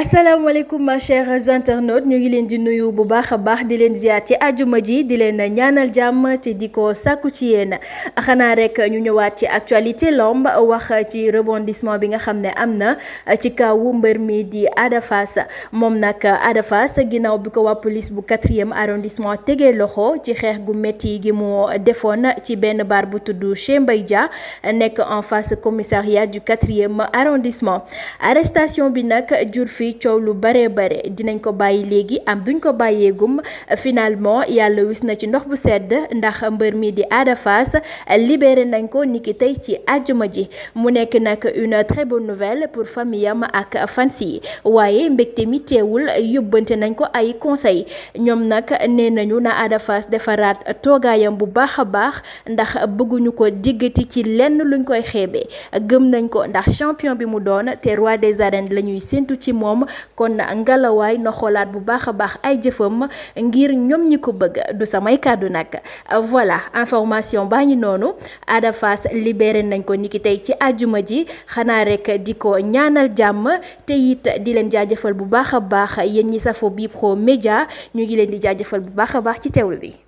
asalaamaaleykum ma chers internautes ñu ngi leen di nuyu bu baax a baax di leen ziar ci ajuma ji di leen ñaanal jàmm te di ko sàkku ci yéen xanaa rek ñu ñëwaat ci actualité lomb wax ci rebondissement bi nga xam ne am na ci kawu mbër mi di Ada moom nag Ada Fass ginnaaw bi ko waa police bu quatrième arrondissement tegee loxo ci xeex gu metti gi mu defoon ci benn baar bu tudd Chez Mbaye Dia nekk en face commissariat du quatrième arrondissement arrestation bi nag jur fi fii coow lu bare bare dinañ ko bàyyi léegi am duñ ko bàyyee bàyyeegum finalement yàlla wis na ci ndox bu sedd ndax mbër mi di Ada Fass libéré nañ ko niki tey ci àjjuma ji mu nekk nag une très bonne nouvelle pour famille am ak fansi yi waaye mbégte mi teewul yóbbante nañ ko ay conseil ñoom nag nee nañu na Ada defaraat toogaayam bu baax a baax ndax bëgguñu ko diggati ci lenn luñ koy xeebe gëm nañ ko ndax champion bi mu doon te roi des arènes la ñuy séntu moom kon ngelawaay na xoolaat bu baax a baax ay jëfam ngir ñoom ñi ko bëgg du samay kàddu nag voilà information baa ngi noonu Ada Fass libéré nañ ko niki tey ci àjjuma ji xanaa rek di ko ñaanal jàmm te it di leen jaajëfal bu baax a baax yéen ñi safo bi pro média ñu ngi leen di jaajëfal bu baax a baax ci teewlu bi